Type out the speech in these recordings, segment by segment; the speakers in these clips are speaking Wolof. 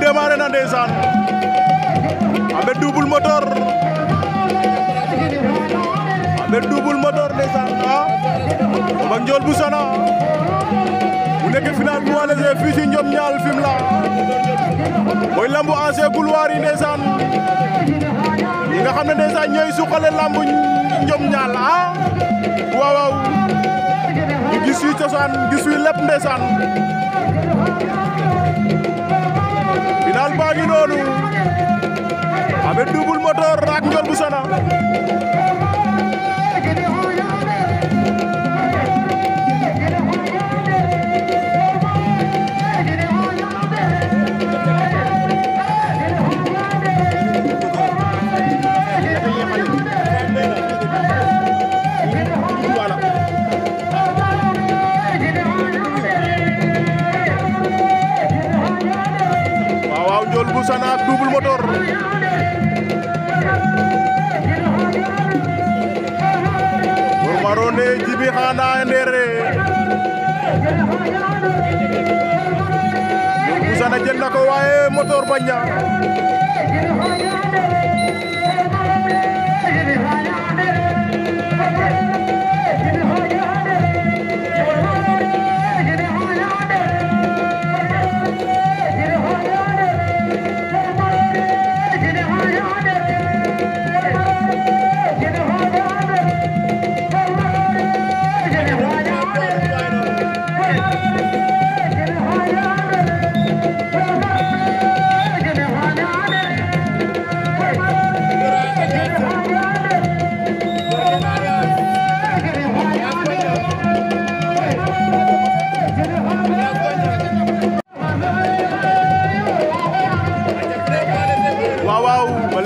démarré des ans avec double moteur avec double moteur ndeysaan ah ma njool bu sana final bu walese fii ci ñoom ñaal fim la mooy lambu ancien couloir yi ndeysaan ñi nga xam lambu ah waaw waaw ñu gis wi cosaan gis final baa ngi noonu avec double moteur ak Ndiol Bousana bu Sana ak double moteur bo marone Djiby xana ndere bu Sana jël na ko waaye moteur bañ na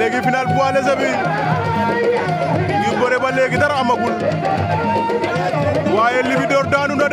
léegi final poids léger bi ñu bëre ba léegi dara amagul waaye Libidor daanu